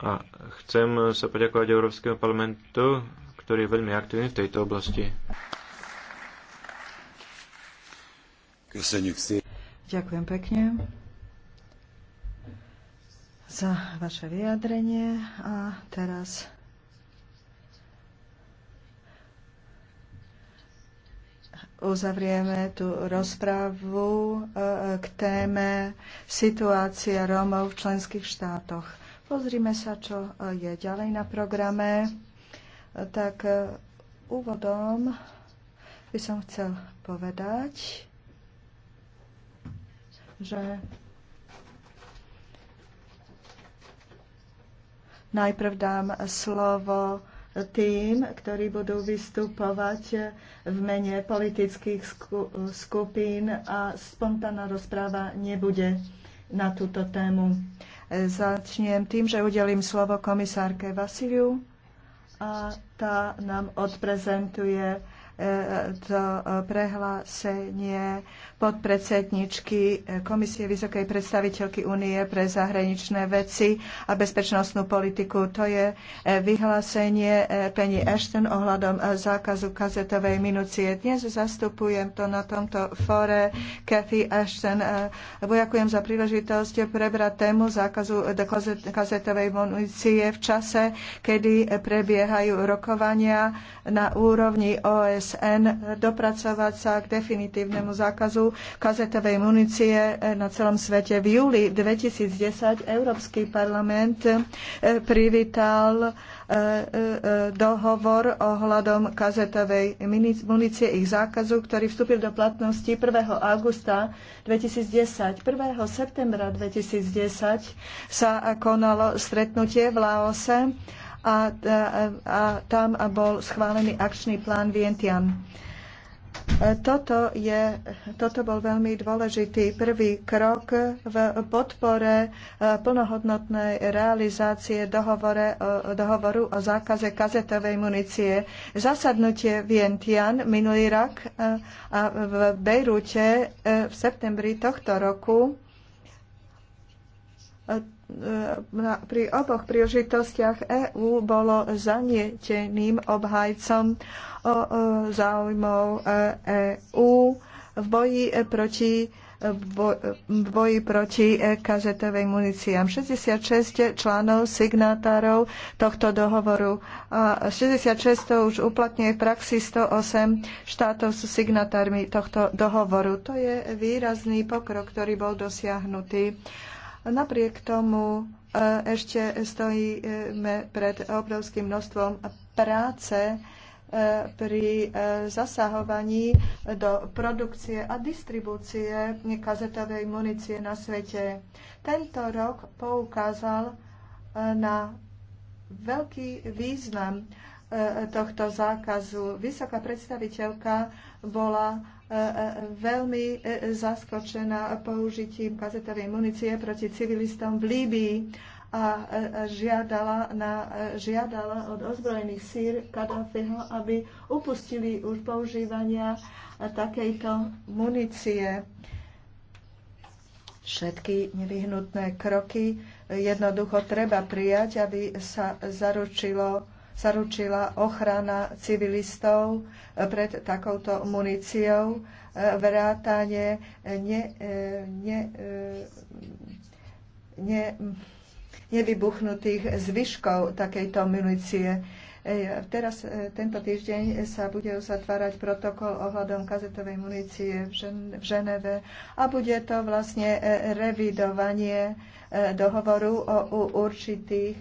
A chcem sa poďakovať Európskemu parlamentu, ktorý je veľmi aktívny v tejto oblasti. Ďakujem pekne za vaše vyjadrenie a teraz uzavrieme tú rozprávu e, k téme situácia Rómov v členských štátoch. Pozrime sa, čo e, je ďalej na programe. E, tak e, úvodom by som chcel povedať, že najprv dám slovo tým, ktorí budú vystupovať v mene politických skupín a spontánna rozpráva nebude na túto tému. Začnem tým, že udelím slovo komisárke Vasiliu a tá nám odprezentuje to e, prehlásenie podpredsedničky Komisie Vysokej predstaviteľky únie pre zahraničné veci a bezpečnostnú politiku. To je e, vyhlásenie e, Penny Ashton ohľadom zákazu kazetovej minucie. Dnes zastupujem to na tomto fóre Kathy Ashton. Vojakujem za príležitosť prebrať tému zákazu kazetovej minúcie v čase, kedy prebiehajú rokovania na úrovni OS OSN dopracovať sa k definitívnemu zákazu kazetovej munície na celom svete. V júli 2010 Európsky parlament e, privítal e, e, dohovor ohľadom kazetovej munície ich zákazu, ktorý vstúpil do platnosti 1. augusta 2010. 1. septembra 2010 sa konalo stretnutie v Laose a, a tam bol schválený akčný plán Vientian. Toto, je, toto bol veľmi dôležitý prvý krok v podpore e, plnohodnotnej realizácie dohovore, e, dohovoru o zákaze kazetovej munície. Zasadnutie Vientian minulý rok e, a v Bejrúte v septembri tohto roku E, pri oboch príležitostiach EÚ bolo zanieteným obhajcom o e, záujmov EÚ e v boji proti v boji proti kazetovej municiám. 66 článov signátárov tohto dohovoru. A 66 to už uplatňuje v praxi 108 štátov sú signatármi tohto dohovoru. To je výrazný pokrok, ktorý bol dosiahnutý. Napriek tomu e, ešte stojíme pred obrovským množstvom práce e, pri e, zasahovaní do produkcie a distribúcie kazetovej munície na svete. Tento rok poukázal na veľký význam tohto zákazu. Vysoká predstaviteľka bola E, e, veľmi e, zaskočená použitím kazetovej munície proti civilistom v Líbii a žiadala, na, žiadala od ozbrojených sír Kadáfiho, aby upustili už používania takejto munície. Všetky nevyhnutné kroky jednoducho treba prijať, aby sa zaručilo zaručila ochrana civilistov eh, pred takouto muníciou, eh, vrátanie ne, eh, ne, ne, nevybuchnutých zvyškov takejto munície. Teraz tento týždeň sa bude uzatvárať protokol ohľadom kazetovej munície v, v Ženeve a bude to vlastne revidovanie dohovoru o určitých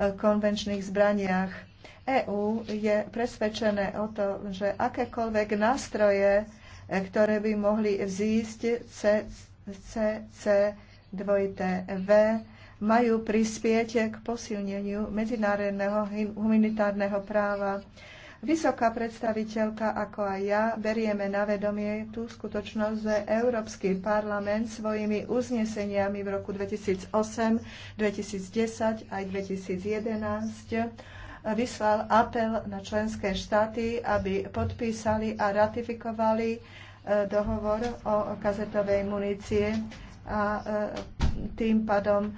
konvenčných zbraniach. EÚ je presvedčené o tom, že akékoľvek nástroje, e, ktoré by mohli vzísť CCCV, majú prispieť k posilneniu medzinárodného humanitárneho práva. Vysoká predstaviteľka ako aj ja berieme na vedomie tú skutočnosť, že Európsky parlament svojimi uzneseniami v roku 2008, 2010 aj 2011 vyslal apel na členské štáty, aby podpísali a ratifikovali e, dohovor o kazetovej munície a e, tým pádom e,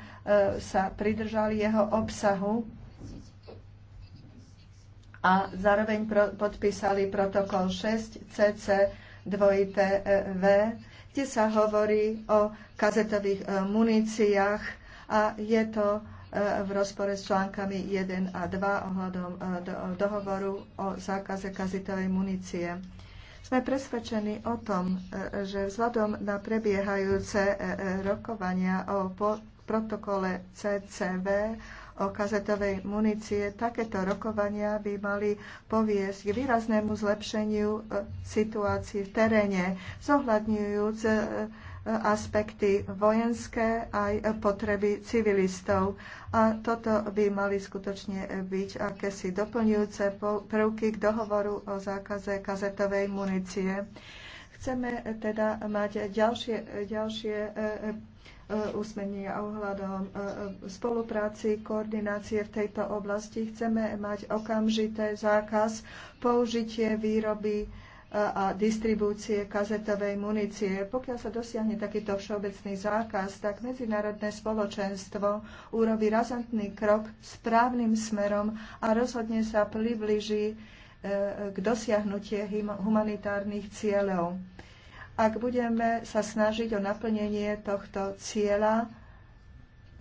sa pridržali jeho obsahu a zároveň podpísali protokol 6 CC 2TV, kde sa hovorí o kazetových muníciách a je to v rozpore s článkami 1 a 2 ohľadom e, dohovoru o zákaze kazitovej munície. Sme presvedčení o tom, e, že vzhľadom na prebiehajúce e, rokovania o protokole CCV o kazetovej munície, takéto rokovania by mali poviesť k výraznému zlepšeniu situácií v teréne, zohľadňujúc aspekty vojenské aj potreby civilistov. A toto by mali skutočne byť akési doplňujúce prvky k dohovoru o zákaze kazetovej munície. Chceme teda mať ďalšie, ďalšie e, e, usmernenia ohľadom e, spolupráci, koordinácie v tejto oblasti. Chceme mať okamžité zákaz použitie výroby a distribúcie kazetovej munície. Pokiaľ sa dosiahne takýto všeobecný zákaz, tak medzinárodné spoločenstvo urobí razantný krok správnym smerom a rozhodne sa približí e, k dosiahnutie humanitárnych cieľov. Ak budeme sa snažiť o naplnenie tohto cieľa,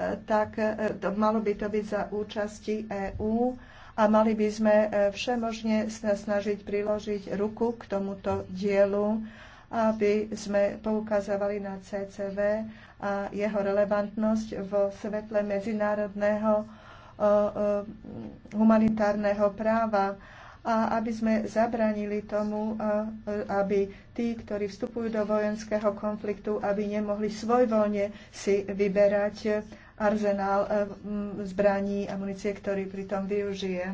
e, tak e, malo by to byť za účasti EÚ a mali by sme e, všemožne sa snažiť priložiť ruku k tomuto dielu, aby sme poukazovali na CCV a jeho relevantnosť vo svetle medzinárodného e, e, humanitárneho práva a aby sme zabranili tomu, aby tí, ktorí vstupujú do vojenského konfliktu, aby nemohli svojvoľne si vyberať arzenál eh, zbraní a munície, ktorý pritom využije.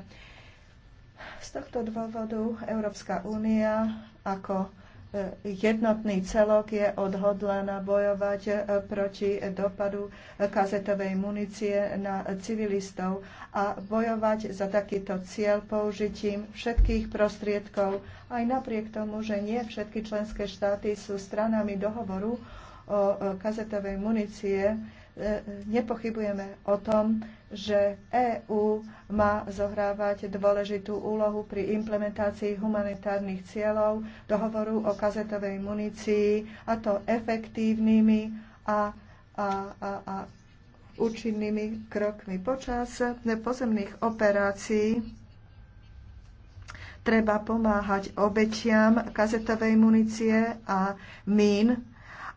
Z tohto dôvodu Európska únia ako eh, jednotný celok je odhodlaná bojovať eh, proti dopadu kazetovej munície na civilistov a bojovať za takýto cieľ použitím všetkých prostriedkov, aj napriek tomu, že nie všetky členské štáty sú stranami dohovoru o kazetovej munície, E, nepochybujeme o tom, že EÚ má zohrávať dôležitú úlohu pri implementácii humanitárnych cieľov dohovoru o kazetovej munícii, a to efektívnymi a, a, a, a účinnými krokmi. Počas pozemných operácií treba pomáhať obetiam kazetovej munície a mín,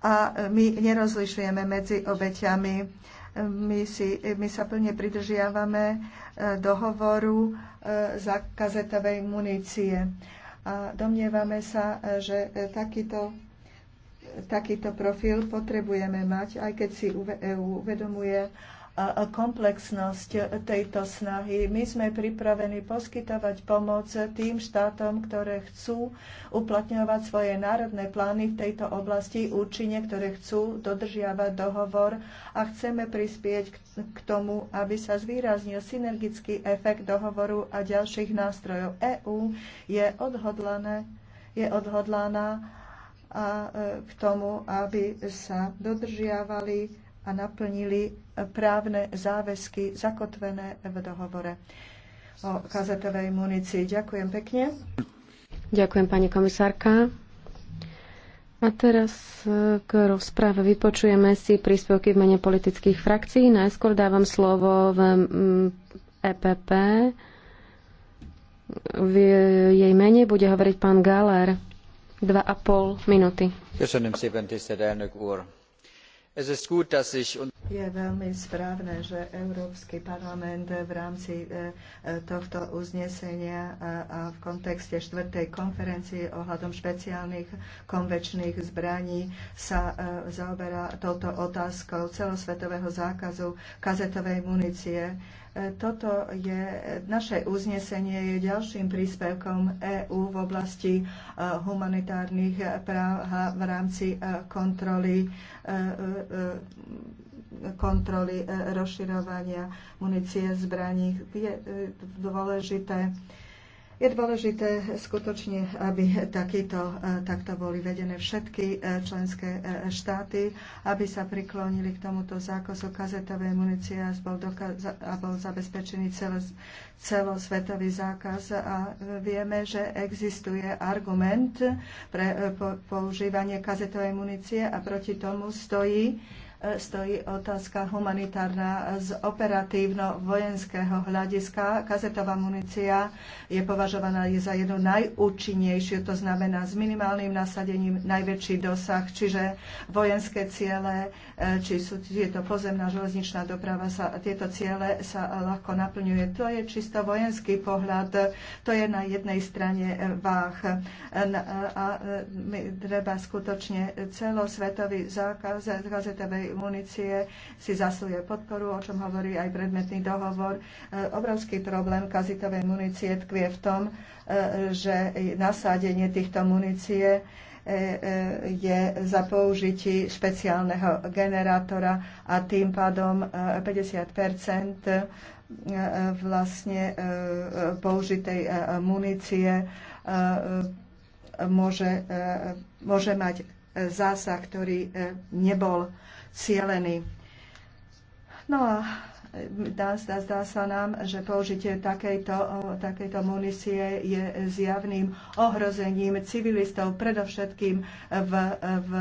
a my nerozlišujeme medzi obeťami. My, si, my sa plne pridržiavame e, dohovoru e, za kazetovej munície. A domnievame sa, e, že takýto, takýto profil potrebujeme mať, aj keď si EU uvedomuje, a komplexnosť tejto snahy. My sme pripravení poskytovať pomoc tým štátom, ktoré chcú uplatňovať svoje národné plány v tejto oblasti účinne, ktoré chcú dodržiavať dohovor a chceme prispieť k tomu, aby sa zvýraznil synergický efekt dohovoru a ďalších nástrojov. EÚ je, odhodlané, je odhodlaná a e, k tomu, aby sa dodržiavali a naplnili právne záväzky zakotvené v dohovore o kazetovej munícii. Ďakujem pekne. Ďakujem, pani komisárka. A teraz e, k rozpráve vypočujeme si príspevky v mene politických frakcií. Najskôr dávam slovo v EPP. V jej mene bude hovoriť pán Galer. Dva a pol minúty. Ďakujem, pán elnök Es ist gut, dass sich je veľmi správne, že Európsky parlament v rámci e, e, tohto uznesenia e, a v kontexte štvrtej konferencie ohľadom špeciálnych konvečných zbraní sa zaoberá touto otázkou celosvetového zákazu kazetovej munície toto je, naše uznesenie je ďalším príspevkom EÚ v oblasti e, humanitárnych práv v rámci e, kontroly e, kontroly rozširovania munície zbraní. Je dôležité je dôležité skutočne, aby takýto, e, takto boli vedené všetky e, členské e, štáty, aby sa priklonili k tomuto zákazu kazetovej munície a bol, a bol zabezpečený celos, celosvetový zákaz. A vieme, že existuje argument pre používanie kazetovej munície a proti tomu stojí stojí otázka humanitárna z operatívno-vojenského hľadiska. Kazetová munícia je považovaná za jednu najúčinnejšiu, to znamená s minimálnym nasadením najväčší dosah, čiže vojenské ciele, eh, či sú, je to pozemná železničná doprava, sa, tieto ciele sa ľahko naplňuje. To je čisto vojenský pohľad, to je na jednej strane eh, váh. A, a, treba skutočne celosvetový zákaz gazetovej munície si zasluje podporu, o čom hovorí aj predmetný dohovor. E, obrovský problém kazitovej munície tkvie v tom, e, že nasádenie týchto munície e, je za použití špeciálneho generátora a tým pádom 50 vlastne použitej munície môže, môže mať zásah, ktorý nebol cieľený. No a e, Dá, dá, dá sa nám, že použitie takejto, e, takejto munície je zjavným ohrozením civilistov, predovšetkým v, v,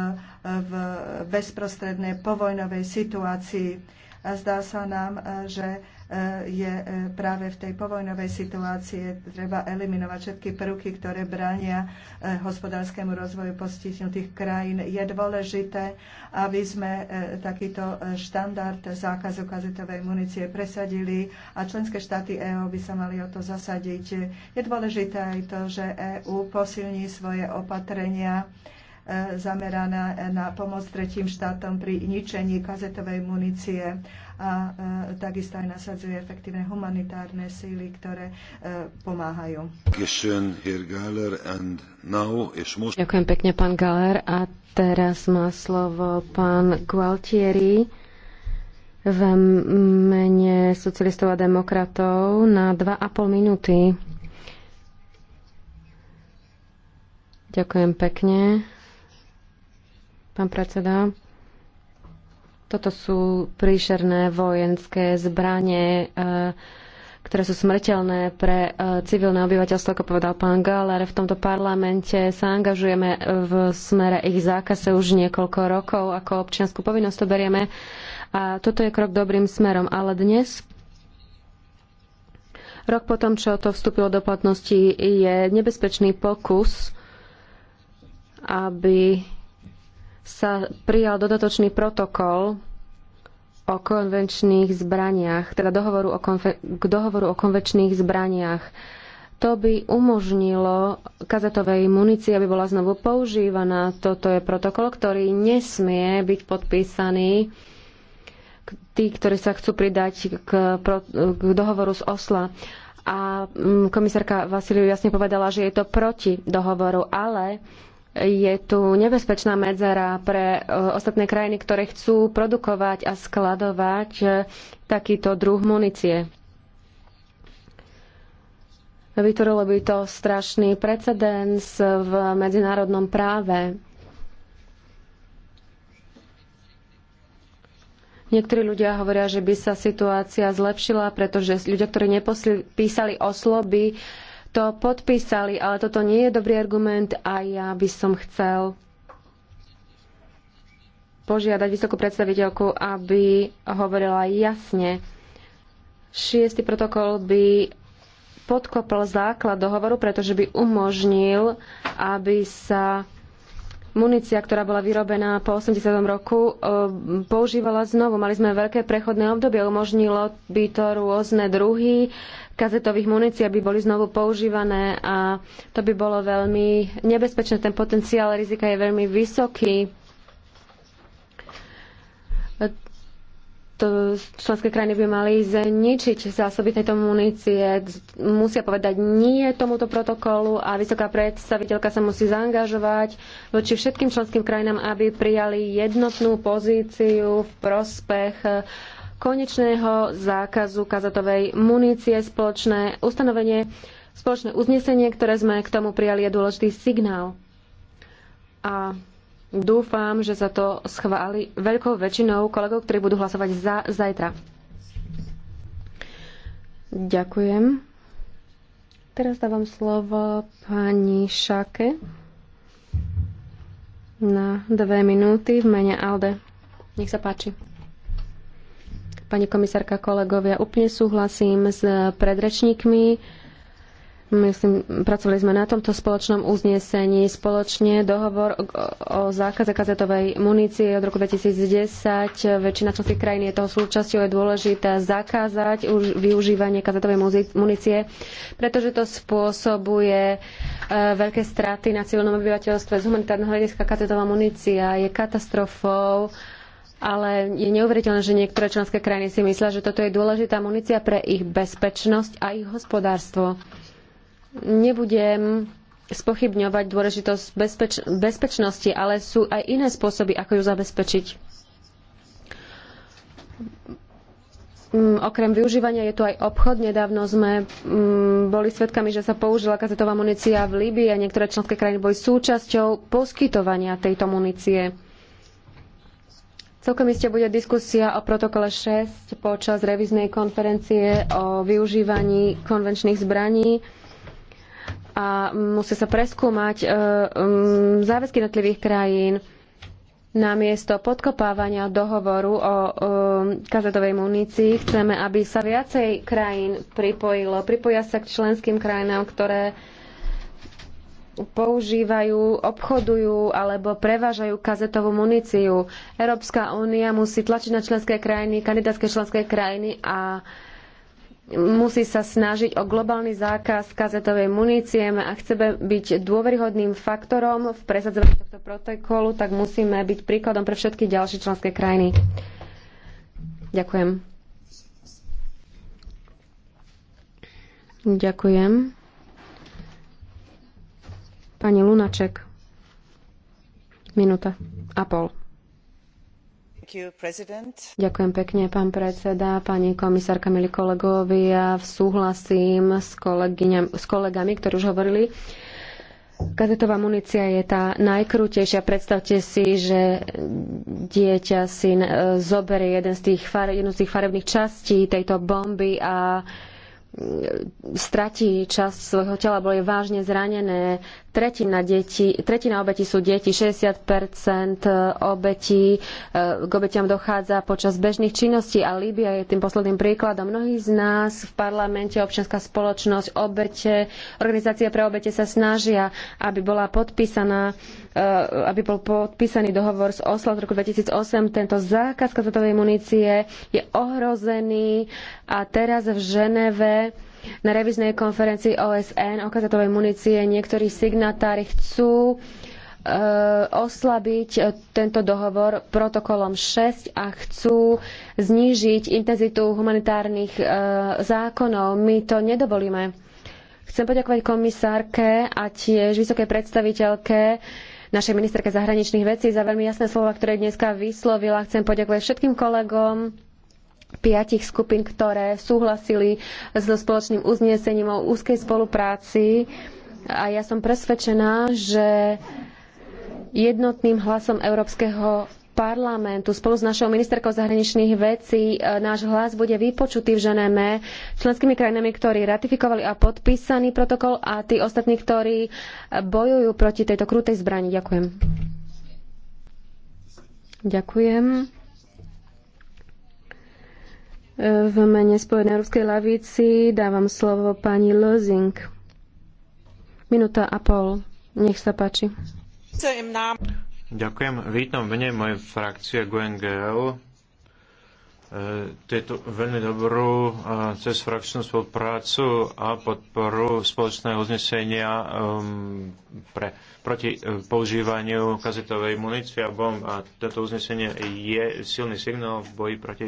v bezprostrednej povojnovej situácii. Zdá sa nám, e, že e, je e, práve v tej povojnovej situácii treba eliminovať všetky prvky, ktoré bránia hospodárskému rozvoju postihnutých krajín. Je dôležité, aby sme takýto štandard zákazu kazetovej munície presadili a členské štáty EÚ by sa mali o to zasadiť. Je dôležité aj to, že EÚ posilní svoje opatrenia E, zameraná na pomoc tretím štátom pri ničení kazetovej munície a e, takisto aj nasadzuje efektívne humanitárne síly, ktoré e, pomáhajú. Ďakujem pekne, pán Galer. A teraz má slovo pán Gualtieri v mene socialistov a demokratov na 2,5 minúty. Ďakujem pekne pán predseda. Toto sú príšerné vojenské zbranie, e, ktoré sú smrteľné pre e, civilné obyvateľstvo, ako povedal pán Galer. V tomto parlamente sa angažujeme v smere ich zákaze už niekoľko rokov, ako občianskú povinnosť to berieme. A toto je krok dobrým smerom. Ale dnes Rok potom, čo to vstúpilo do platnosti, je nebezpečný pokus, aby sa prijal dodatočný protokol o konvenčných zbraniach, teda dohovoru o konfe- k dohovoru o konvenčných zbraniach. To by umožnilo kazetovej munícii, aby bola znovu používaná. Toto je protokol, ktorý nesmie byť podpísaný tí, ktorí sa chcú pridať k, k dohovoru z Osla. A mm, komisárka Vasiliu jasne povedala, že je to proti dohovoru, ale je tu nebezpečná medzera pre e, ostatné krajiny, ktoré chcú produkovať a skladovať e, takýto druh munície. Vytvorilo by to strašný precedens v medzinárodnom práve. Niektorí ľudia hovoria, že by sa situácia zlepšila, pretože ľudia, ktorí písali osloby, to podpísali, ale toto nie je dobrý argument a ja by som chcel požiadať vysokú predstaviteľku, aby hovorila jasne. Šiestý protokol by podkopl základ dohovoru, pretože by umožnil, aby sa munícia, ktorá bola vyrobená po 80. roku, e, používala znovu. Mali sme veľké prechodné obdobie, umožnilo by to rôzne druhy kazetových munícií, aby boli znovu používané a to by bolo veľmi nebezpečné. Ten potenciál rizika je veľmi vysoký to členské krajiny by mali zničiť zásoby tejto munície, musia povedať nie tomuto protokolu a vysoká predstaviteľka sa musí zaangažovať voči všetkým členským krajinám, aby prijali jednotnú pozíciu v prospech konečného zákazu kazatovej munície. Spoločné ustanovenie, spoločné uznesenie, ktoré sme k tomu prijali, je dôležitý signál. A Dúfam, že sa to schváli veľkou väčšinou kolegov, ktorí budú hlasovať za zajtra. Ďakujem. Teraz dávam slovo pani Šake na dve minúty v mene Alde. Nech sa páči. Pani komisárka, kolegovia, úplne súhlasím s predrečníkmi Myslím, pracovali sme na tomto spoločnom uznesení spoločne dohovor o, zákaze kazetovej munície od roku 2010. Väčšina členských krajín je toho súčasťou. Je dôležité zakázať už využívanie kazetovej munície, pretože to spôsobuje e, veľké straty na civilnom obyvateľstve. Z humanitárneho hľadiska kazetová munícia je katastrofou. Ale je neuveriteľné, že niektoré členské krajiny si myslia, že toto je dôležitá munícia pre ich bezpečnosť a ich hospodárstvo. Nebudem spochybňovať dôležitosť bezpeč- bezpečnosti, ale sú aj iné spôsoby, ako ju zabezpečiť. Mm, okrem využívania je tu aj obchod. Nedávno sme mm, boli svedkami, že sa použila kazetová munícia v Líbii a niektoré členské krajiny boli súčasťou poskytovania tejto munície. Celkom iste bude diskusia o protokole 6 počas revíznej konferencie o využívaní konvenčných zbraní a musia sa preskúmať e, mm, záväzky jednotlivých krajín namiesto podkopávania dohovoru o e, kazetovej munícii. Chceme, aby sa viacej krajín pripojilo. Pripoja sa k členským krajinám, ktoré používajú, obchodujú alebo prevážajú kazetovú muníciu. Európska únia musí tlačiť na členské krajiny, kandidátske členské krajiny a uh, musí sa snažiť o globálny zákaz kazetovej munície a chceme byť dôveryhodným faktorom v presadzovaní tohto protokolu, tak musíme byť príkladom pre všetky ďalšie členské krajiny. Ďakujem. Ďakujem. Pani Lunaček. Minúta a pol. Ďakujem pekne, pán predseda, pani komisárka, milí kolegovia. súhlasím s, s kolegami, ktorí už hovorili. Kazetová munícia je tá najkrutejšia. Predstavte si, že dieťa si e, zoberie jeden z tých, jednu z tých farebných častí tejto bomby a stratí časť svojho tela, boli vážne zranené. Tretina, deti, tretina obetí sú deti, 60% obetí eh, k obetiam dochádza počas bežných činností a Líbia je tým posledným príkladom. Mnohí z nás v parlamente, občianská spoločnosť, obete, organizácie pre obete sa snažia, aby bola podpísaná eh, aby bol podpísaný dohovor z Oslo z roku 2008. Tento zákaz kazetovej munície je ohrozený a teraz v Ženeve na reviznej konferencii OSN o kazetovej munície niektorí signatári chcú eh, oslabiť eh, tento dohovor protokolom 6 a chcú znížiť intenzitu humanitárnych eh, zákonov. My to nedovolíme. Chcem poďakovať komisárke a tiež vysokej predstaviteľke našej ministerke zahraničných vecí za veľmi jasné slova, ktoré dneska vyslovila. Chcem poďakovať všetkým kolegom, piatich skupín, ktoré súhlasili so spoločným uznesením o úzkej spolupráci. A ja som presvedčená, že jednotným hlasom Európskeho parlamentu spolu s našou ministerkou zahraničných vecí e, náš hlas bude vypočutý v Ženeme členskými krajinami, ktorí ratifikovali a podpísaný protokol a tí ostatní, ktorí e, bojujú proti tejto krutej zbrani. Ďakujem. Ďakujem. V mene Spojenej Európskej lavici dávam slovo pani Lozing. Minúta a pol. Nech sa páči. Ďakujem. Vítam v mene mojej frakcie GUNGL tieto eh, veľmi dobrú eh, cez frakčnú spoluprácu a podporu spoločného uznesenia ehm, pre, proti eh, používaniu kazetovej munície a bomb. A toto uznesenie je silný signál v boji proti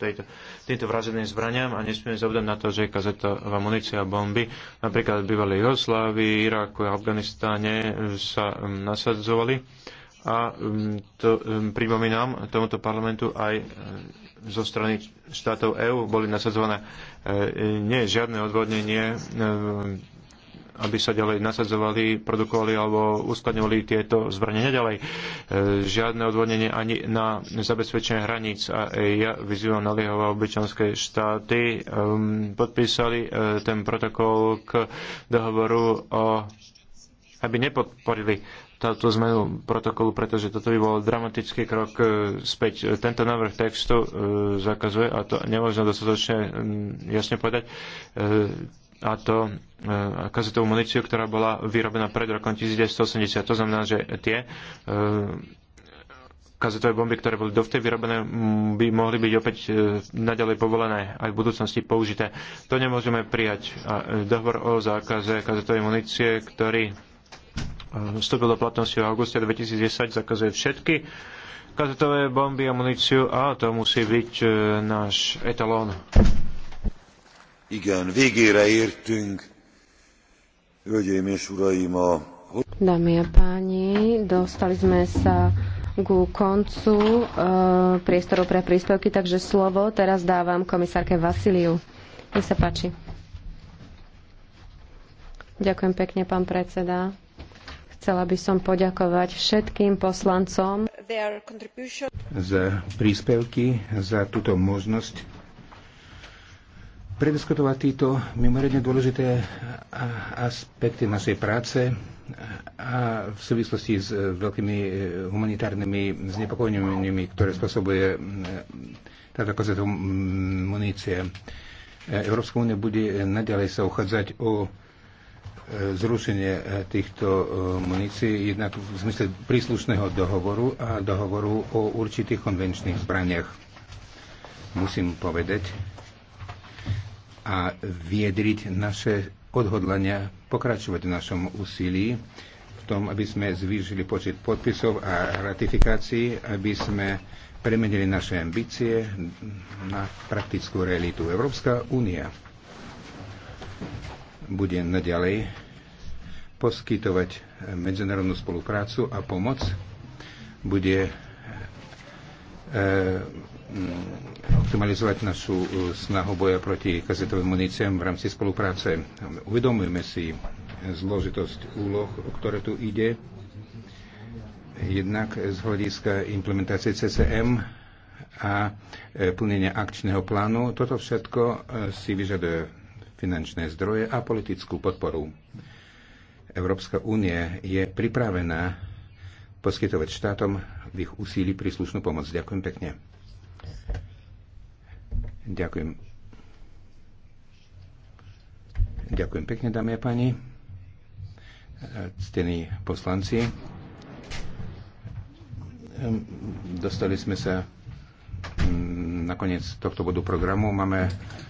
tejto, týmto vrazeným zbraniam a nesmieme zabúdať na to, že kazetová munícia a bomby napríklad v bývalej Jugoslávii, Iraku a Afganistáne sa ehm, nasadzovali a um, to, um, pripomínam tomuto parlamentu aj e, zo strany štátov EÚ boli nasadzované e, nie žiadne odvodnenie e, aby sa ďalej nasadzovali, produkovali alebo uskladňovali tieto zbranie neďalej. Žiadne odvodnenie ani na zabezpečenie hraníc. A ja vyzývam Liehova obyčanské štáty. Um, podpísali ten protokol k dohovoru o aby nepodporili túto zmenu protokolu, pretože toto by bol dramatický krok e, späť. E, tento návrh textu e, zakazuje, a to nemôžno dostatočne jasne povedať, a to kazetovú muníciu, ktorá bola vyrobená pred rokom 1980. To znamená, že tie kazetové bomby, ktoré boli dovtedy vyrobené, by mohli byť opäť naďalej povolené aj v budúcnosti použité. To nemôžeme prijať. A dohovor o zákaze kazetovej munície, ktorý vstúpil do platnosti v auguste 2010, zakazuje všetky kazetové bomby, a muníciu a to musí byť e, náš etalón. Igen, végére értünk. Hölgyeim és uraim, a... Dámy a páni, dostali sme sa ku koncu e, priestoru pre príspevky, takže slovo teraz dávam komisárke Vasiliu. Nech sa páči. Ďakujem pekne, pán predseda. Chcela by som poďakovať všetkým poslancom za príspevky, za túto možnosť prediskutovať títo mimoriadne dôležité aspekty našej práce a v súvislosti s veľkými eh, humanitárnymi znepokojeniami, ktoré spôsobuje eh, táto kazetová munície. Eh, Európska únia bude nadalej sa uchádzať o zrušenie e, týchto e, munícií, jednak v zmysle príslušného dohovoru a dohovoru o určitých konvenčných zbraniach. Musím povedať a viedriť naše odhodlania pokračovať v našom úsilí v tom, aby sme zvýšili počet podpisov a ratifikácií, aby sme premenili naše ambície na praktickú realitu. Európska únia bude naďalej poskytovať medzinárodnú spoluprácu a pomoc, bude e, e, mm, optimalizovať našu e, snahu boja proti kazetovým muníciám v rámci spolupráce. Uvedomujeme si zložitosť úloh, o ktoré tu ide, jednak z hľadiska implementácie CCM a plnenia akčného plánu. Toto všetko si vyžaduje finančné zdroje a politickú podporu. Európska únie je pripravená poskytovať štátom v ich úsilí príslušnú pomoc. Ďakujem pekne. Ďakujem. Ďakujem pekne, dámy a páni. Ctení poslanci, ehm, dostali sme sa mm, na koniec tohto bodu programu. Máme